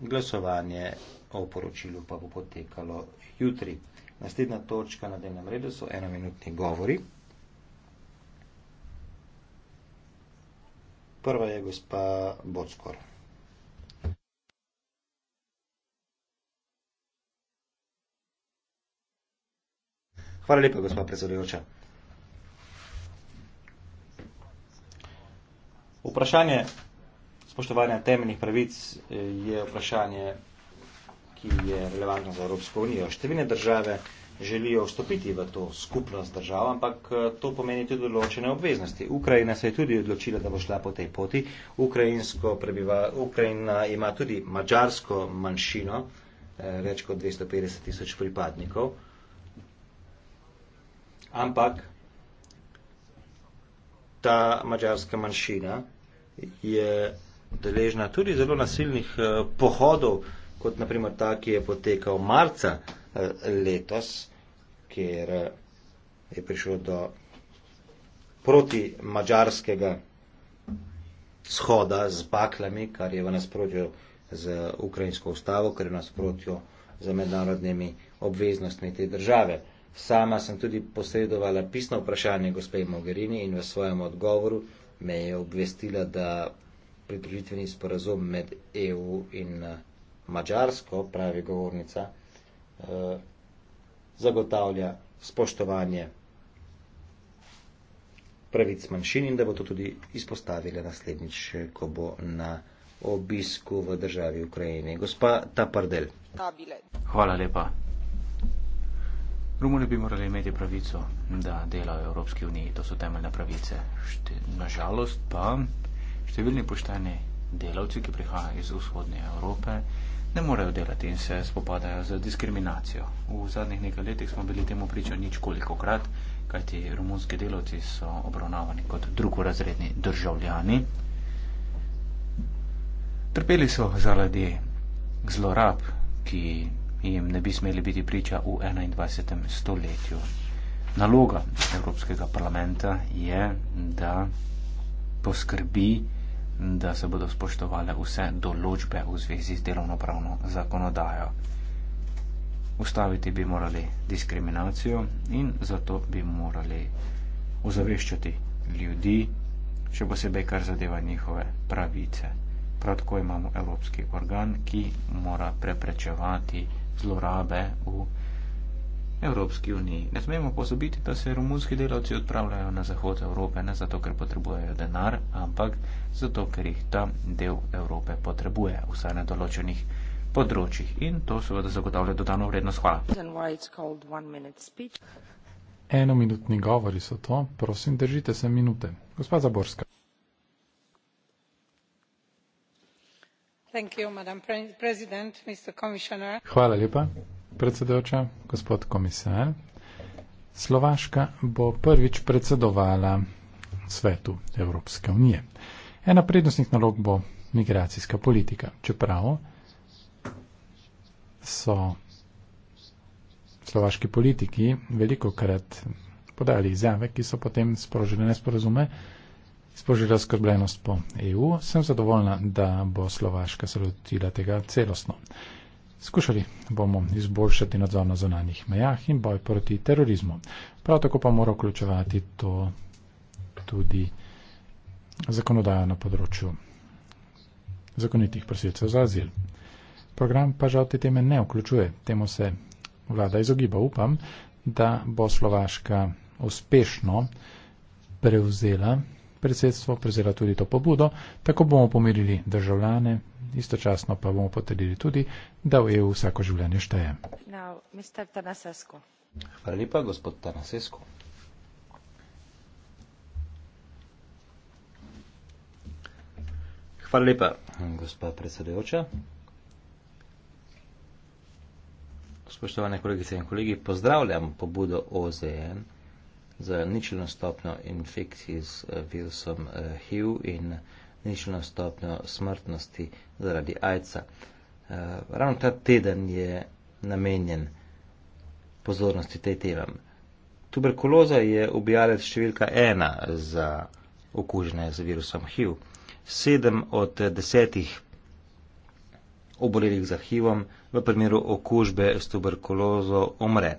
Glasovanje o poročilu pa bo potekalo jutri. Naslednja točka na dnevnem redu so enominutni govori. Prva je gospa Bockor. Hvala lepa, gospa predsedujoča. Vprašanje spoštovanja temeljnih pravic eh, je vprašanje, ki je relevantno za Evropsko unijo. Številne države želijo vstopiti v to skupnost držav, ampak eh, to pomeni tudi določene obveznosti. Ukrajina se je tudi odločila, da bo šla po tej poti. Prebiva, Ukrajina ima tudi mačarsko manjšino, eh, več kot 250 tisoč pripadnikov. Ampak ta mačarska manjšina je deležna tudi zelo nasilnih eh, pohodov, kot naprimer ta, ki je potekal marca eh, letos, kjer eh, je prišlo do proti mačarskega shoda z baklami, kar je v nasprotju z ukrajinsko ustavo, kar je v nasprotju z mednarodnimi obveznostmi te države. Sama sem tudi posredovala pisno vprašanje gospe Mogherini in v svojem odgovoru me je obvestila, da pridružitveni sporazum med EU in eh, Mačarsko, pravi govornica, eh, zagotavlja spoštovanje pravic manjšin in da bo to tudi izpostavila naslednjič, ko bo na obisku v državi Ukrajine. Gospa Tapardel. Hvala lepa. Romuni bi morali imeti pravico, da delajo v Evropski uniji, to so temeljne pravice. Nažalost pa Številni pošteni delavci, ki prihajajo iz vzhodne Evrope, ne morejo delati in se spopadajo z diskriminacijo. V zadnjih nekaj letih smo bili temu priča nič koliko krat, kajti romunski delavci so obravnavani kot drugorazredni državljani. Trpeli so zaradi zlorab, ki jim ne bi smeli biti priča v 21. stoletju. Naloga Evropskega parlamenta je, da poskrbi, da se bodo spoštovale vse določbe v zvezi z delovnopravno zakonodajo. Ustaviti bi morali diskriminacijo in zato bi morali ozaveščati ljudi, še posebej kar zadeva njihove pravice. Prav tako imamo evropski organ, ki mora preprečevati zlorabe v Evropski uniji. Ne smemo pozabiti, da se romunski delavci odpravljajo na zahod Evrope ne zato, ker potrebujejo denar, ampak zato, ker jih ta del Evrope potrebuje, vsaj na določenih področjih. In to seveda zagotavlja dodano vrednost. Hvala. Eno minutni govori so to. Prosim, držite se minute. Gospa Zaborska. Hvala lepa predsedujoča, gospod komisar. Slovaška bo prvič predsedovala svetu Evropske unije. Ena prednostnih nalog bo migracijska politika. Čeprav so slovaški politiki veliko krat podali izjave, ki so potem sprožile nesporazume, sprožile skrbljenost po EU, sem zadovoljna, da bo Slovaška se lotila tega celostno. Skušali bomo izboljšati nadzor na zonanjih mejah in boj proti terorizmu. Prav tako pa mora vključevati to tudi zakonodajo na področju zakonitih prosilcev za azil. Program pa žal te teme ne vključuje. Temu se vlada izogiba. Upam, da bo Slovaška uspešno prevzela predsedstvo prezira tudi to pobudo, tako bomo pomirili državljane, istočasno pa bomo potrdili tudi, da v EU vsako življenje šteje. Hvala lepa, gospod Tanasesko. Hvala lepa, gospa predsedujoča. Spoštovane kolegice in kolegi, pozdravljam pobudo OZN za ničelno stopnjo infekcije z eh, virusom HIV eh, in eh, ničelno stopnjo smrtnosti zaradi AIDS-a. Ravno ta teden je namenjen pozornosti tej temam. Tuberkuloza je ubijalec številka ena za okužene z virusom HIV. Sedem od desetih obolelih za HIV-om v primeru okužbe s tuberkulozo umre.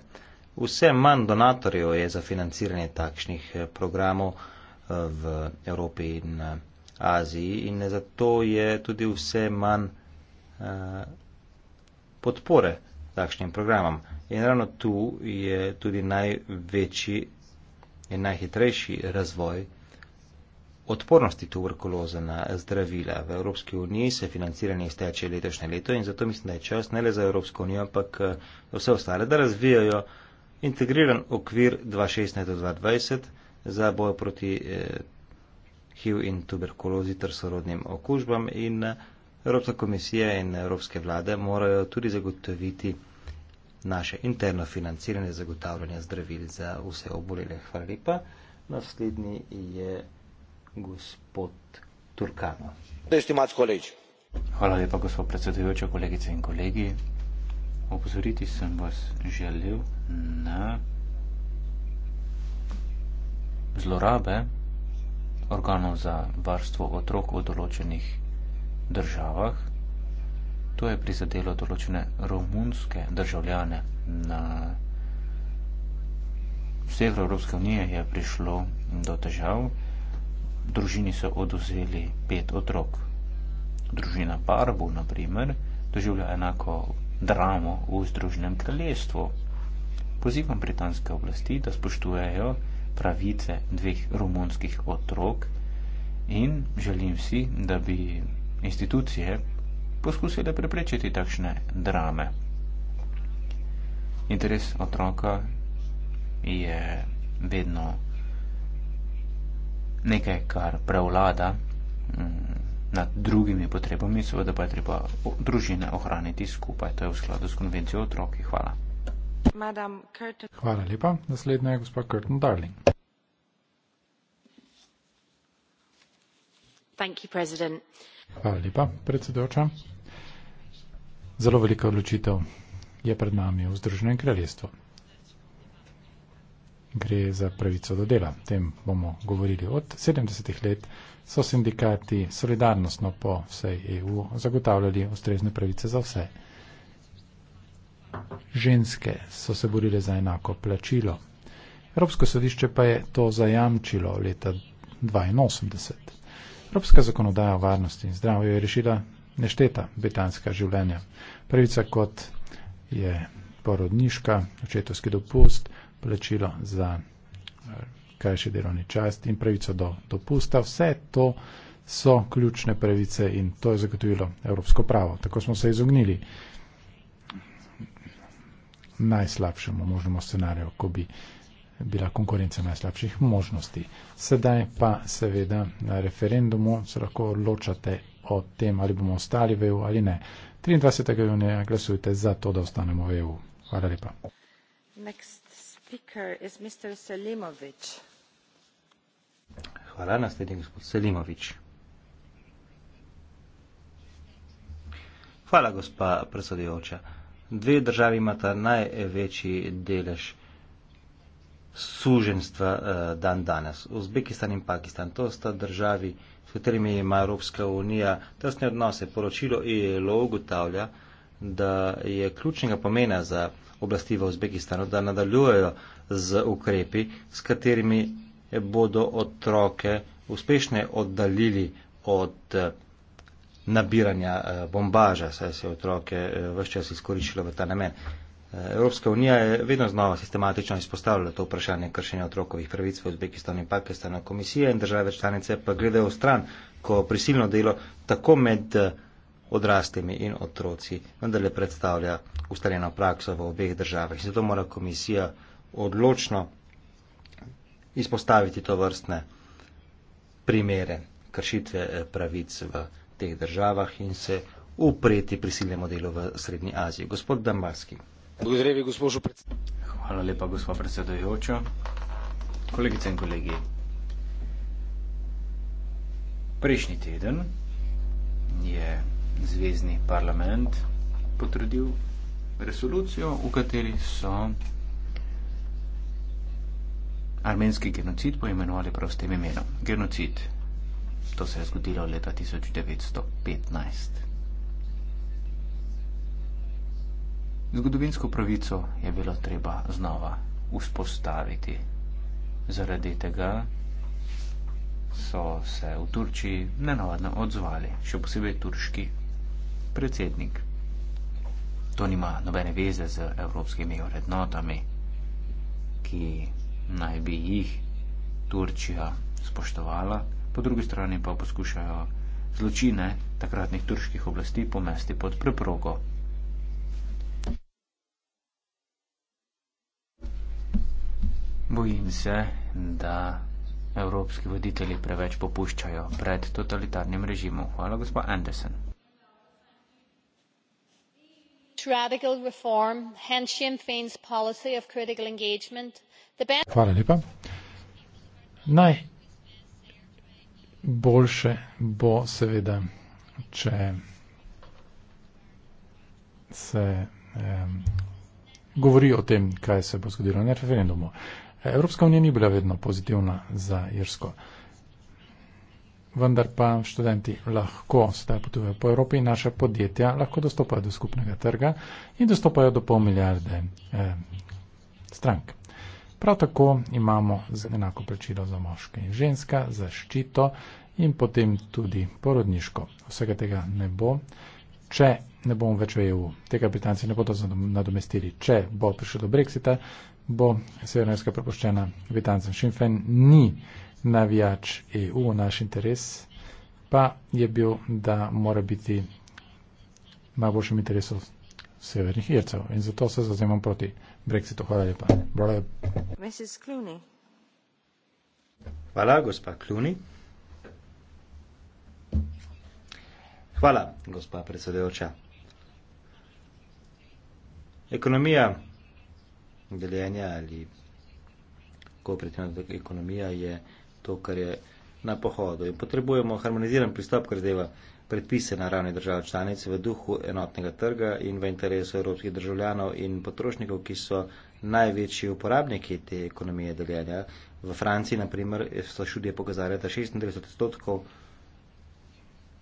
Vse manj donatorjev je za financiranje takšnih eh, programov eh, v Evropi in eh, Aziji in zato je tudi vse manj podpore takšnim programom. In ravno tu je tudi največji in najhitrejši razvoj odpornosti tuberkuloze na zdravila. V Evropski uniji se financiranje izteče letošnje leto in zato mislim, da je čas ne le za Evropsko unijo, ampak vse ostale, da razvijajo integriran okvir 2016-2020 za bojo proti eh, HIV in tuberkulozi ter sorodnim okužbam in eh, Evropska komisija in Evropske vlade morajo tudi zagotoviti naše interno financiranje zagotavljanja zdravil za vse obolele. Hvala lepa. Naslednji je gospod Turkano. Hvala lepa, gospod predsedujoča, kolegice in kolegi. Obzoriti sem vas želel na zlorabe organov za varstvo otrok v določenih državah. To je prizadelo določene romunske državljane. Na severu Evropske unije je prišlo do težav. Družini so odozeli pet otrok. Družina Barbu, naprimer, doživlja enako dramo v Združenem kraljestvu. Pozivam britanske oblasti, da spoštujejo pravice dveh romunskih otrok in želim si, da bi institucije poskusile preprečiti takšne drame. Interes otroka je vedno nekaj, kar prevlada. Mm, nad drugimi potrebami, seveda pa je treba družine ohraniti skupaj. To je v skladu s konvencijo o otrokih. Hvala. Hvala lepa. Naslednja je gospod Curtin Darling. Hvala lepa, predsedoča. Zelo velika odločitev je pred nami v Združenem kraljestvu gre za pravico do dela. O tem bomo govorili. Od 70-ih let so sindikati solidarnostno po vsej EU zagotavljali ustrezne pravice za vse. Ženske so se borile za enako plačilo. Evropsko sodišče pa je to zajamčilo leta 1982. Evropska zakonodaja o varnosti in zdravju je rešila nešteta britanska življenja. Pravica kot je porodniška, očetovski dopust, plačilo za eh, krajši delovni čas in pravico do dopusta. Vse to so ključne pravice in to je zagotovilo evropsko pravo. Tako smo se izognili najslabšemu možnemu scenariju, ko bi bila konkurenca najslabših možnosti. Sedaj pa seveda na referendumu se lahko odločate o tem, ali bomo ostali v EU ali ne. 23. junija glasujte za to, da ostanemo v EU. Hvala lepa. Next. Hvala. Naslednji je gospod Selimović. Hvala, gospa predsedujoča. Dve državi imata največji delež suženstva uh, eh, dan danes. Uzbekistan in Pakistan. To sta državi, s katerimi ima Evropska unija tesne odnose. Poročilo ILO e ugotavlja, da je ključnega pomena za oblasti v Uzbekistanu, da nadaljujejo z ukrepi, s katerimi bodo otroke uspešne oddaljili od eh, nabiranja eh, bombaža, saj se je otroke eh, vse čas izkoriščilo v ta namen. Evropska unija je vedno znova sistematično izpostavljala to vprašanje kršenja otrokovih pravic v Uzbekistanu in Pakistanu. Komisija in države članice pa gledajo v stran, ko prisilno delo tako med odraslimi in otroci, vendar le predstavlja ustaljeno prakso v obeh državah. Zato mora komisija odločno izpostaviti to vrstne primere kršitve eh, pravic v teh državah in se upreti prisilnemu delu v Srednji Aziji. Gospod Dambarski. Hvala lepa, gospod predsedojočo. Kolegice in kolegi, prejšnji teden je zvezdni parlament potrdil resolucijo, v kateri so armenski genocid poimenovali prav s tem imenom. Genocid. To se je zgodilo leta 1915. Zgodovinsko pravico je bilo treba znova vzpostaviti. Zaradi tega so se v Turčiji nenavadno odzvali, še posebej turški predsednik. To nima nobene veze z evropskimi vrednotami, ki naj bi jih Turčija spoštovala, po drugi strani pa poskušajo zločine takratnih turških oblasti pomesti pod preprogo. Bojim se, da evropski voditelji preveč popuščajo pred totalitarnim režimom. Hvala, gospod Anderson to radical reform, hence Sinn Féin's policy of critical engagement. The best Hvala lepa. Naj boljše bo seveda, če se um, govori o tem, kaj se bo zgodilo na referendumu. Evropska unija ni bila vedno pozitivna za Irsko vendar pa študenti lahko sedaj potujejo po Evropi in naša podjetja lahko dostopajo do skupnega trga in dostopajo do pol milijarde eh, strank. Prav tako imamo enako plačilo za moške in ženska, zaščito in potem tudi porodniško. Vsega tega ne bo, če ne bomo več v EU. Tega Britanci ne bodo nadomestili, če bo prišlo do Brexita, bo Severnarska prepoščena Britancem. Šimfen ni navijač EU, naš interes, pa je bil, da mora biti v najboljšem interesu severnih ircev. In zato se zazemam proti brexitu. Hvala lepa. Hvala, Hvala gospa Kluni. Hvala, gospa predsedujoča. Ekonomija deljenja ali kooperativna ekonomija je to, kar je na pohodu. In potrebujemo harmoniziran pristop, kar zdaj predpise na ravni držav članic v duhu enotnega trga in v interesu evropskih državljanov in potrošnikov, ki so največji uporabniki te ekonomije deljenja. V Franciji, naprimer, so študije pokazali, da 36 odstotkov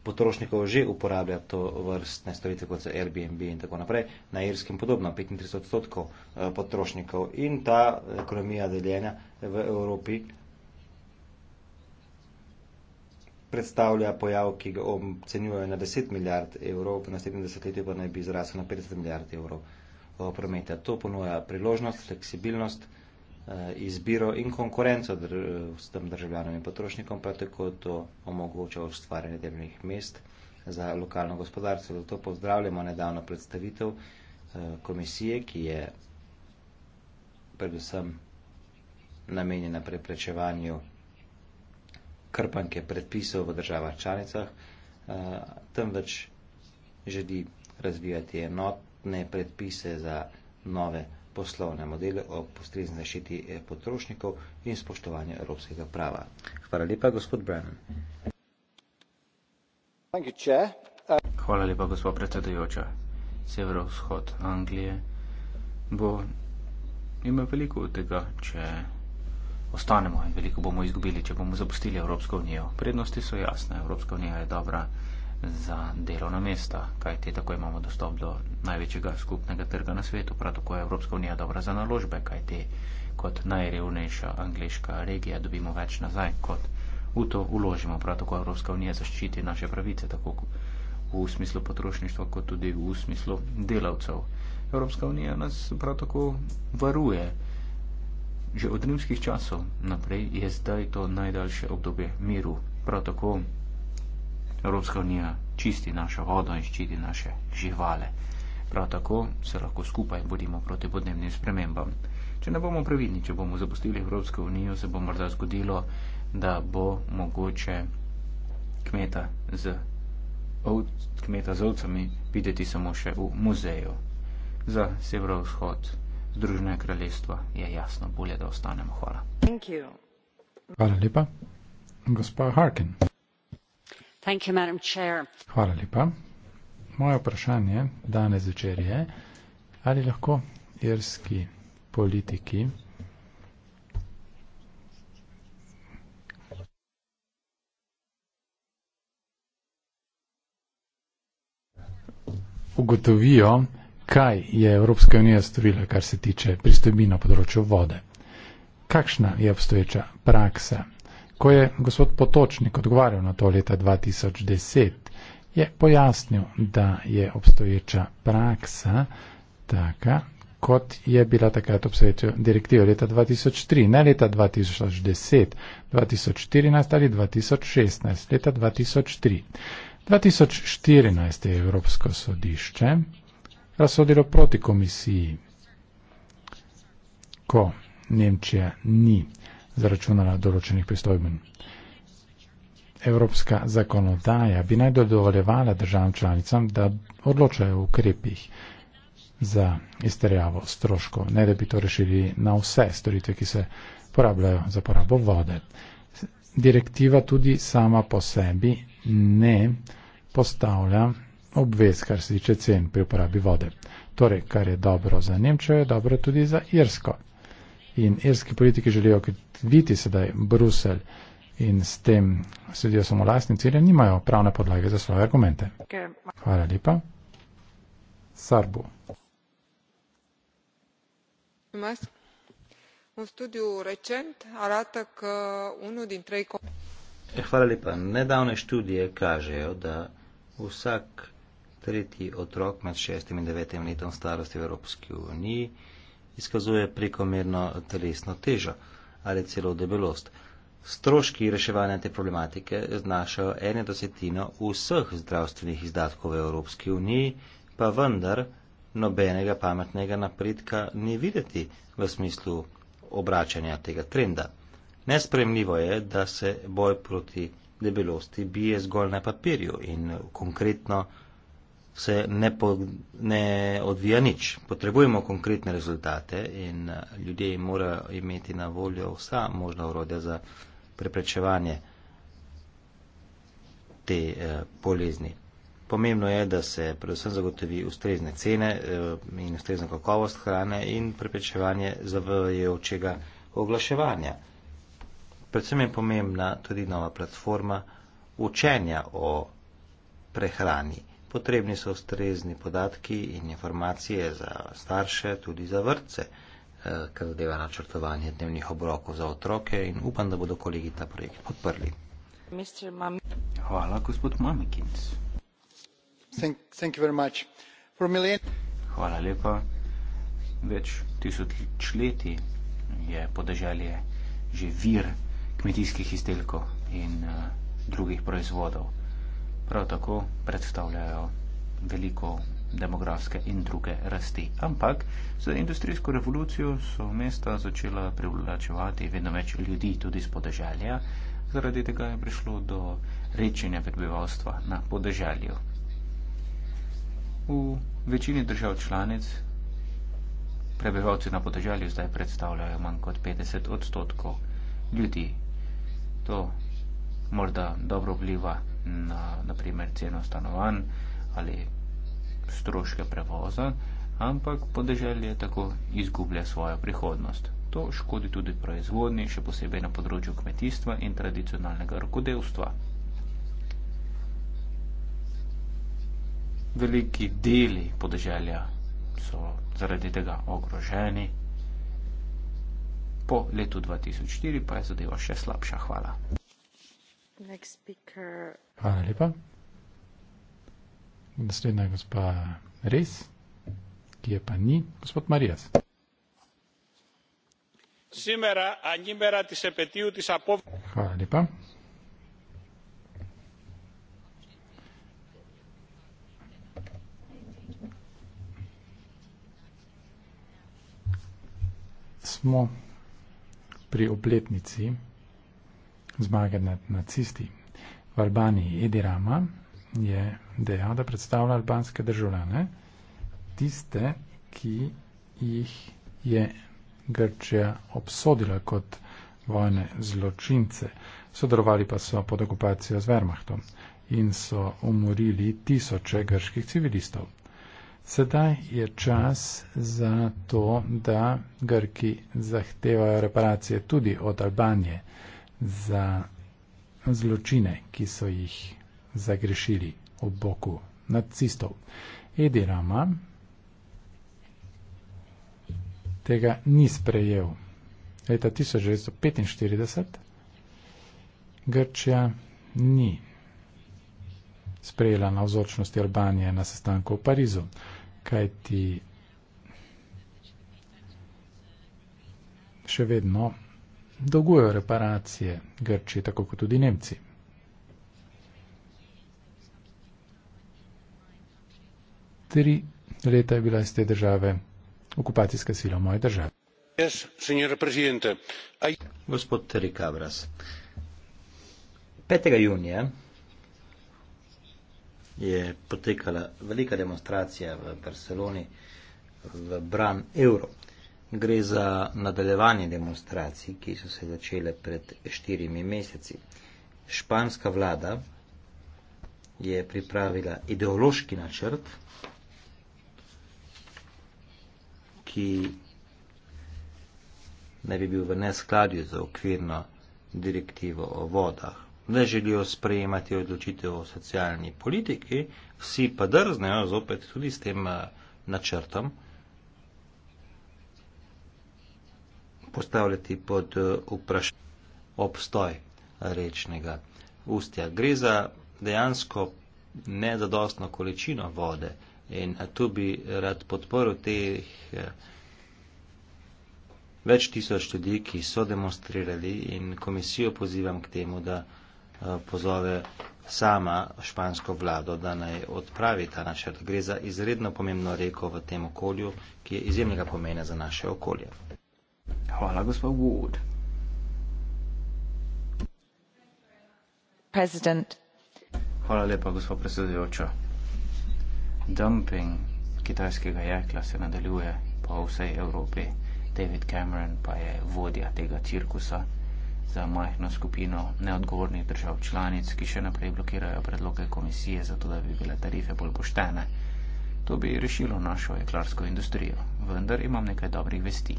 potrošnikov že uporablja to vrstne storitve, kot so Airbnb in tako naprej, na Irskem podobno, 35 odstotkov eh, potrošnikov. In ta ekonomija deljenja v Evropi predstavlja pojav, ki ga ocenjujejo na 10 milijard evrov, v naslednjem desetletju pa naj bi zrasel na 50 milijard evrov eh, prometa. To ponuja priložnost, fleksibilnost, eh, izbiro in konkurenco eh, s tem državljanom in potrošnikom, prav tako to omogoča ustvarjanje delovnih mest za lokalno gospodarstvo. Zato pozdravljamo nedavno predstavitev komisije, ki je predvsem namenjena preprečevanju krpanke predpisov v državah članicah, uh, temveč želi razvijati enotne predpise za nove poslovne modele o postrezni zaščiti eh, potrošnikov in spoštovanju evropskega prava. Hvala lepa, gospod Brennan. Hvala lepa, gospod predsedujoča. Severovzhod Anglije bo imel veliko tega, če ostanemo in veliko bomo izgubili, če bomo zapustili Evropsko unijo. Prednosti so jasne. Evropska unija je dobra za delovna mesta, kajti tako imamo dostop do največjega skupnega trga na svetu. Prav tako je Evropska unija dobra za naložbe, kajti kot najrevnejša angliška regija dobimo več nazaj, kot v to uložimo. Prav tako Evropska unija zaščiti naše pravice, tako v smislu potrošništva, kot tudi v smislu delavcev. Evropska unija nas prav tako varuje. Že od rimskih časov naprej je zdaj to najdaljše obdobje miru. Prav tako Evropska unija čisti našo vodo in ščiti naše živale. Prav tako se lahko skupaj bodimo proti podnebnim spremembam. Če ne bomo previdni, če bomo zapustili Evropsko unijo, se bo morda zgodilo, da bo mogoče kmeta z, ov, kmeta z ovcami videti samo še v muzeju za severovzhod Evropske unije. Združene kraljestva je jasno, bolje, da ostanemo. Hvala. Hvala lepa. Gospa Harkin. You, Hvala lepa. Moje vprašanje danes večer je, ali lahko irski politiki ugotovijo, kaj je Evropska unija storila, kar se tiče pristojbina področju vode. Kakšna je obstoječa praksa? Ko je gospod Potočnik odgovarjal na to leta 2010, je pojasnil, da je obstoječa praksa taka, kot je bila takrat obstoječa direktiva leta 2003, ne leta 2010, 2014 ali 2016, leta 2003. 2014 je Evropsko sodišče razsodilo proti komisiji, ko Nemčija ni zaračunala določenih pristojben. Evropska zakonodaja bi naj dovoljevala državam članicam, da odločajo v ukrepih za izterjavo stroškov, ne da bi to rešili na vse storitve, ki se porabljajo za porabo vode. Direktiva tudi sama po sebi ne postavlja obvez, kar se tiče cen pri uporabi vode. Torej, kar je dobro za Nemčijo, je dobro tudi za Irsko. In irski politiki želijo kriviti sedaj Bruselj in s tem sedijo samo lastni cilje, nimajo pravne podlage za svoje argumente. Hvala lepa. Sarbu. Hvala lepa. Nedavne študije kažejo, da vsak tretji otrok med šestim in devetim letom starosti v Evropski uniji izkazuje prekomerno telesno težo ali celo debelost. Stroški reševanja te problematike znašajo eno desetino vseh zdravstvenih izdatkov v Evropski uniji, pa vendar nobenega pametnega napredka ni videti v smislu obračanja tega trenda. Nespremljivo je, da se boj proti debelosti bije zgolj na papirju in konkretno se ne, po, ne odvija nič. Potrebujemo konkretne rezultate in eh, ljudje morajo imeti na voljo vsa možna urodja za preprečevanje te eh, bolezni. Pomembno je, da se predvsem zagotovi ustrezne cene eh, in ustrezna kakovost hrane in preprečevanje zavajajočega oglaševanja. Predvsem je pomembna tudi nova platforma učenja o prehrani potrebni so ustrezni podatki in informacije za starše, tudi za vrtce, eh, kar zadeva načrtovanje dnevnih obrokov za otroke in upam, da bodo kolegi ta projekt podprli. Hvala, gospod Mamikins. Thank, thank Hvala lepa. Več tisočletij je podeželje že vir kmetijskih izdelkov in uh, drugih proizvodov prav tako predstavljajo veliko demografske in druge rasti. Ampak z industrijsko revolucijo so mesta začela privlačevati vedno več ljudi tudi z podeželja, zaradi tega je prišlo do rečenja prebivalstva na podeželju. V večini držav članic prebivalci na podeželju zdaj predstavljajo manj kot 50 odstotkov ljudi. To morda dobro vpliva na naprimer ceno stanovanj ali stroške prevoza, ampak podeželje tako izgublja svojo prihodnost. To škodi tudi proizvodni, še posebej na področju kmetijstva in tradicionalnega rokodelstva. Veliki deli podeželja so zaradi tega ogroženi. Po letu 2004 pa je zadeva še slabša. Hvala. Next speaker. Hvala lepa. Naslednja je gospa Res, ki je pa ni, gospod Marijas. Hvala lepa. Smo pri obletnici zmage nad nacisti. V Albaniji Edi Rama je dejal, da predstavlja albanske državljane, tiste, ki jih je Grčija obsodila kot vojne zločince. Sodelovali pa so pod okupacijo z Wehrmachtom in so umorili tisoče grških civilistov. Sedaj je čas za to, da Grki zahtevajo reparacije tudi od Albanije za zločine, ki so jih zagrešili ob boku nacistov. Edi Rama tega ni sprejel. Leta 1945 Grčija ni sprejela na vzočnosti Albanije na sestanku v Parizu, kaj ti še vedno dolgujejo reparacije Grčiji, tako kot tudi Nemci. Tri leta je bila iz te države okupacijska sila v moji državi. Yes, I... Gospod Rikavras, 5. junija je potekala velika demonstracija v Barceloni v bran evro. Gre za nadaljevanje demonstracij, ki so se začele pred štirimi meseci. Španska vlada je pripravila ideološki načrt, ki ne bi bil v neskladju za okvirno direktivo o vodah. Ne želijo sprejemati odločitev o socialni politiki, vsi pa drznejo zopet tudi s tem eh, načrtom. postavljati pod eh, vprašanje obstoj rečnega ustja. Gre za dejansko nezadostno količino vode in eh, tu bi rad podporil teh eh, več tisoč ljudi, ki so demonstrirali in komisijo pozivam k temu, da pozove sama špansko vlado, da naj odpravi ta načrt. Gre za izredno pomembno reko v tem okolju, ki je izjemnega pomena za naše okolje. Hvala, gospod Wood. Hvala lepa, gospod predsedujoča. Dumping kitajskega jekla se nadaljuje po vsej Evropi. David Cameron pa je vodja tega cirkusa za majhno skupino neodgovornih držav članic, ki še naprej blokirajo predloge komisije, zato da bi bile tarife bolj poštene. To bi rešilo našo jeklarsko industrijo. Vendar imam nekaj dobrih vesti.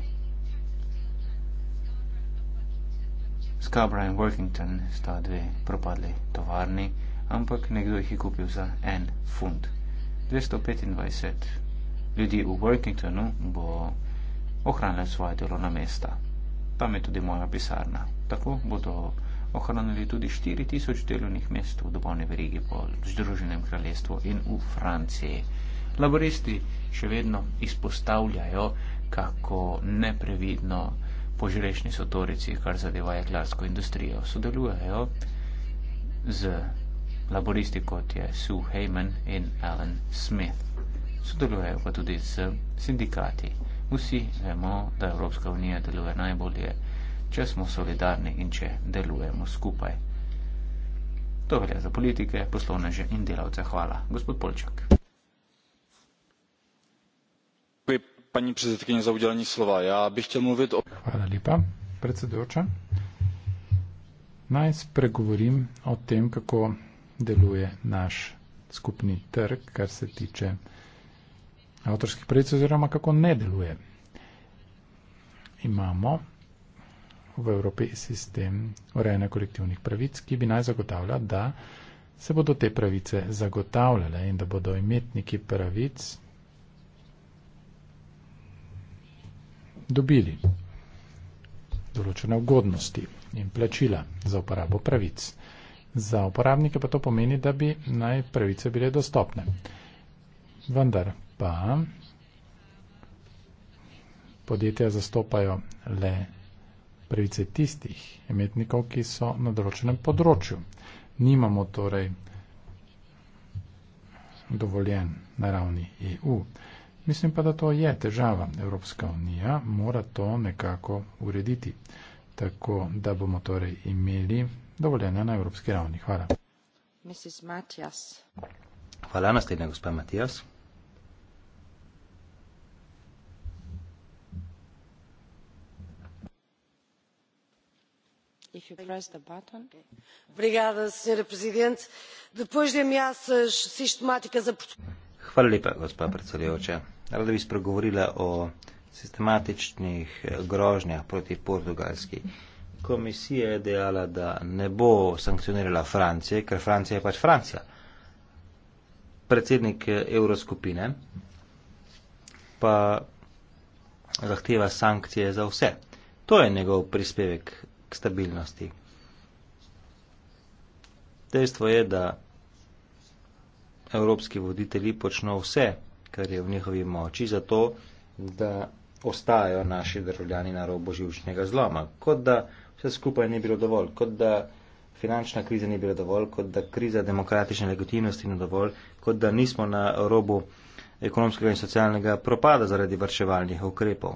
Scarborough in Workington sta dve propadli tovarni, ampak nekdo jih je kupil za en funt. 225 ljudi v Workingtonu bo ohranil svoje delovna mesta. Tam je tudi moja pisarna. Tako bodo ohranili tudi 4000 delovnih mest v dobavni verigi po Združenem kraljestvu in v Franciji. Laboristi še vedno izpostavljajo, kako neprevidno požrešni so torici, kar zadeva jeklarsko industrijo. Sodelujejo z laboristi, kot je Sue Heyman in Alan Smith. Sodelujejo pa tudi z sindikati. Vsi vemo, da Evropska unija deluje najbolje, če smo solidarni in če delujemo skupaj. To velja za politike, poslovneže in delavce. Hvala, gospod Polček. paní předsedkyně, za udělení slova. Já bych chtěl mluvit o... Hvala lepa, predsedujoča. Naj spregovorim o tem, kako deluje naš skupni trg, kar se tiče avtorskih pravic oziroma kako ne deluje. Imamo v Evropi sistem urejanja kolektivnih pravic, ki bi naj zagotavlja, da se bodo te pravice zagotavljale in da bodo imetniki pravic dobili določene ugodnosti in plačila za uporabo pravic. Za uporabnike pa to pomeni, da bi naj pravice bile dostopne. Vendar pa podjetja zastopajo le pravice tistih imetnikov, ki so na določenem področju. Nimamo torej dovoljen na ravni EU. Mislim pa, da to je težava. Evropska unija mora to nekako urediti, tako da bomo torej imeli dovoljenja na evropski ravni. Hvala. Hvala naslednja, gospod Matijas. Obrigada, Sra. Presidente. Depois de ameaças sistemáticas a Portugal. Hvala lepa, gospa predsedujoča. Rada bi spregovorila o sistematičnih grožnjah proti portugalski. Komisija je dejala, da ne bo sankcionirala Francije, ker Francija je pač Francija. Predsednik Evroskupine pa zahteva sankcije za vse. To je njegov prispevek k stabilnosti. Dejstvo je, da evropski voditelji počno vse, kar je v njihovi moči, zato da ostajajo naši državljani na robu živčnega zloma. Kot da vse skupaj ni bilo dovolj, kot da finančna kriza ni bila dovolj, kot da kriza demokratične legitimnosti ni dovolj, kot da nismo na robu ekonomskega in socialnega propada zaradi vrševalnih ukrepov,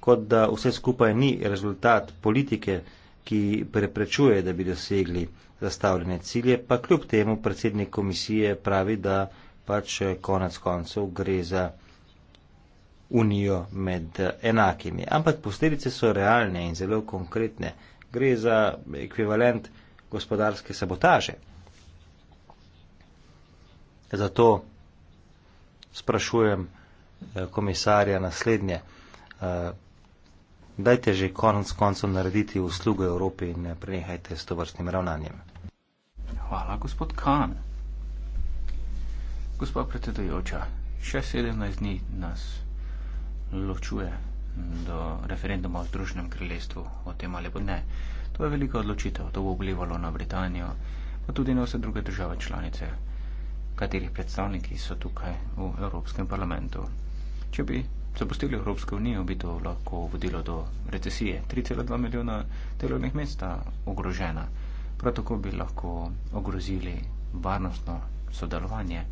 kot da vse skupaj ni rezultat politike, ki preprečuje, da bi dosegli zastavljene cilje, pa kljub temu predsednik komisije pravi, da pač eh, konec koncev gre za unijo med eh, enakimi. Ampak posledice so realne in zelo konkretne. Gre za ekvivalent gospodarske sabotaže. Zato sprašujem eh, komisarja naslednje dajte že konec koncev narediti uslugo Evropi in ne prenehajte s tovrstnim ravnanjem. Hvala, gospod Kahn. Gospa predsedujoča, še 17 dni nas ločuje do referenduma o Združenem kraljestvu, o tem ali bo ne. To je velika odločitev, to bo vplivalo na Britanijo, pa tudi na vse druge države članice, katerih predstavniki so tukaj v Evropskem parlamentu. Če bi zapustili Evropsko unijo, bi to lahko vodilo do recesije. 3,2 milijona delovnih mest sta ogrožena. Prav tako bi lahko ogrozili varnostno sodelovanje.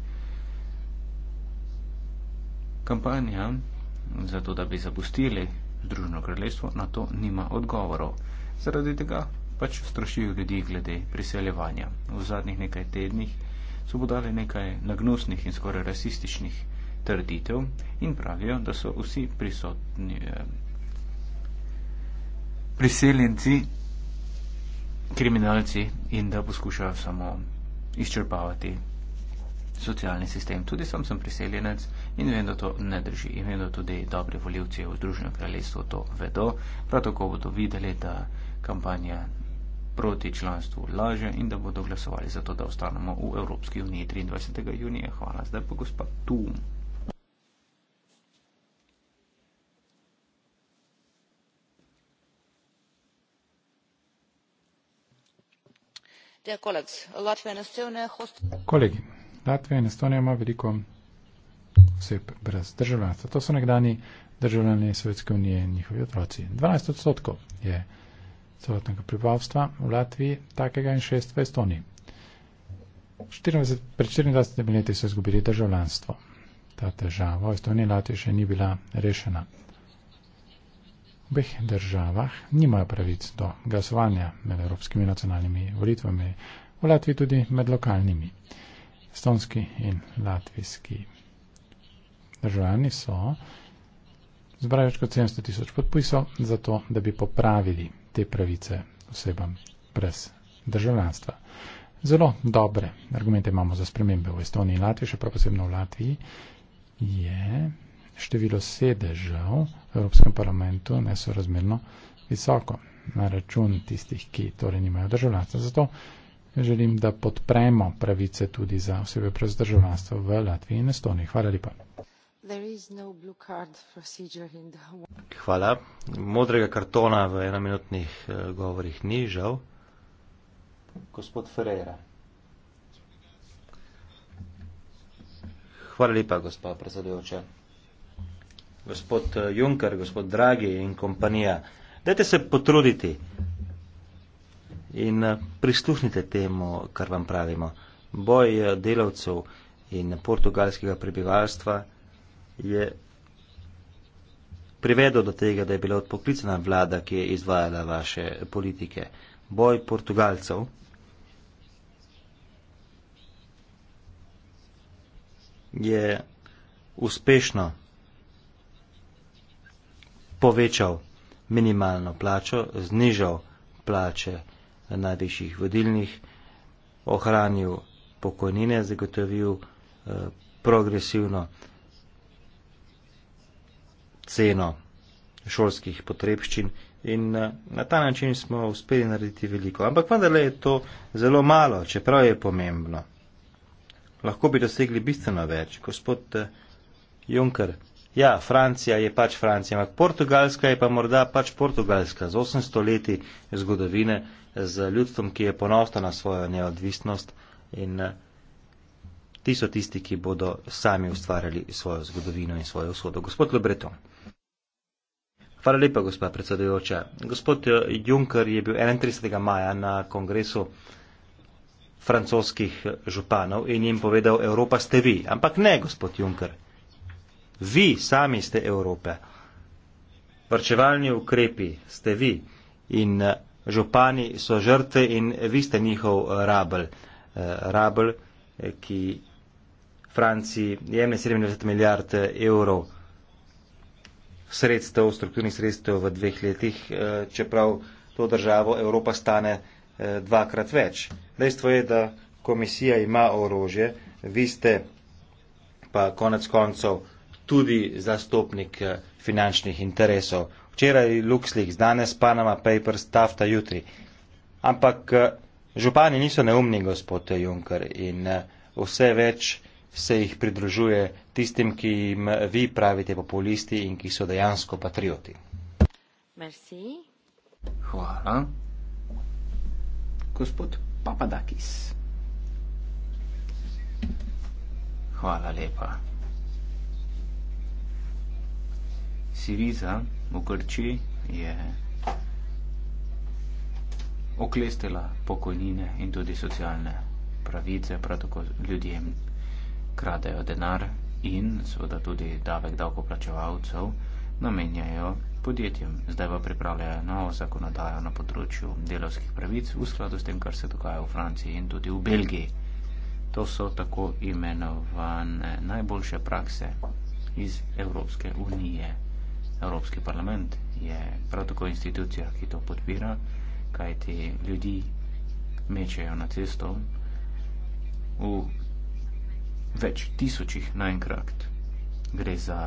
Kampanja za to, da bi zapustili Združeno kraljestvo, na to nima odgovorov. Zaradi tega pač strašijo ljudi glede priseljevanja. V zadnjih nekaj tednih so podali nekaj nagnusnih in skoraj rasističnih trditev in pravijo, da so vsi prisotni eh, priseljenci, kriminalci in da poskušajo samo izčrpavati socialni sistem. Tudi sam sem priseljenec in vem, da to ne drži. In vem, da tudi dobri voljivci v Združenem kraljestvu to vedo. Prav tako bodo videli, da kampanja proti članstvu laže in da bodo glasovali za to, da ostanemo v Evropski uniji 23. junija. Hvala. Zdaj pa gospod Tum. Kolegi, Latvija in Estonija ima veliko oseb brez državljanstva. To so nekdani državljani Sovjetske unije in njihovi otroci. 12 odstotkov je celotnega prebivalstva v Latviji, takega in šest v Estoniji. 24, pred 24 leti so izgubili državljanstvo. Ta težava v Estoniji in Latviji še ni bila rešena obeh državah nimajo pravic do glasovanja med evropskimi nacionalnimi volitvami, v Latviji tudi med lokalnimi. Estonski in latvijski državljani so zbrali več kot 700 tisoč podpisov za to, da bi popravili te pravice osebam brez državljanstva. Zelo dobre argumente imamo za spremembe v Estoniji in Latviji, še prav posebno v Latviji, je število sedežev v Evropskem parlamentu nesorazmerno visoko na račun tistih, ki torej nimajo državljanstva. Zato želim, da podpremo pravice tudi za osebe brez državljanstva v Latviji in Estoniji. Hvala lepa. No the... Hvala. Modrega kartona v enominutnih eh, govorih ni žal. Gospod Ferreira. Hvala lepa, gospod predsedujoče gospod eh, Junker, gospod Dragi in kompanija, dajte se potruditi in eh, prisluhnite temu, kar vam pravimo. Boj eh, delavcev in portugalskega prebivalstva je privedel do tega, da je bila odpoklicena vlada, ki je izvajala vaše politike. Boj portugalcev je uspešno povečal minimalno plačo, znižal plače najvišjih vodilnih, ohranil pokojnine, zagotovil eh, progresivno ceno šolskih potrebščin in eh, na ta način smo uspeli narediti veliko. Ampak vendarle je to zelo malo, čeprav je pomembno. Lahko bi dosegli bistveno več. Gospod eh, Juncker Ja, Francija je pač Francija, ampak Portugalska je pa morda pač Portugalska z 800 leti zgodovine, z ljudstvom, ki je ponosno na svojo neodvisnost in eh, ti so tisti, ki bodo sami ustvarjali svojo zgodovino in svojo usodo. Gospod Lebreton. Hvala lepa, gospa predsedujoča. Gospod eh, Juncker je bil 31. maja na kongresu francoskih županov in jim povedal, Evropa ste vi. Ampak ne, gospod Juncker. Vi sami ste Evrope. Vrčevalni ukrepi ste vi in eh, župani so žrtve in vi ste njihov rabl. Eh, rabl, eh, ki Franciji jemne 97 milijard evrov sredstev, strukturnih sredstev v dveh letih, čeprav to državo Evropa stane dvakrat več. Dejstvo je, da komisija ima orožje, vi ste pa konec koncov tudi zastopnik eh, finančnih interesov. Včeraj Luxleaks, danes Panama Papers, tafta jutri. Ampak eh, župani niso neumni, gospod Juncker, in eh, vse več se jih pridružuje tistim, ki jim vi pravite populisti in ki so dejansko patrioti. Merci. Hvala. Gospod Papadakis. Hvala lepa. Siriza v Grčiji je oklestila pokojnine in tudi socialne pravice, prav tako ljudem kradejo denar in seveda tudi davek davkoplačevalcev namenjajo podjetjem. Zdaj pa pripravljajo novo zakonodajo na področju delovskih pravic v skladu s tem, kar se dogaja v Franciji in tudi v Belgiji. To so tako imenovane najboljše prakse iz Evropske unije. Evropski parlament je prav tako institucija, ki to podpira, kajti ljudi mečejo na cesto v več tisočih naenkrat. Gre za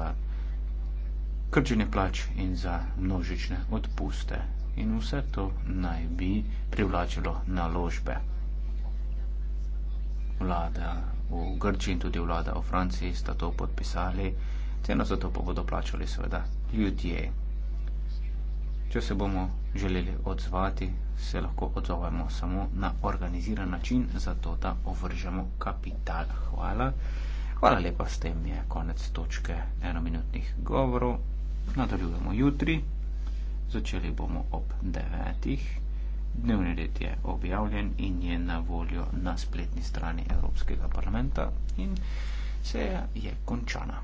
krčenje plač in za množične odpuste. In vse to naj bi privlačilo naložbe. Vlada v Grči in tudi vlada v Franciji sta to podpisali, ceno za to pa bodo plačali seveda ljudje. Če se bomo želeli odzvati, se lahko odzovemo samo na organiziran način, zato da ovržemo kapital. Hvala. Hvala lepa, s tem je konec točke enominutnih govorov. Nadaljujemo jutri. Začeli bomo ob devetih. Dnevni red je objavljen in je na voljo na spletni strani Evropskega parlamenta in seja je končana.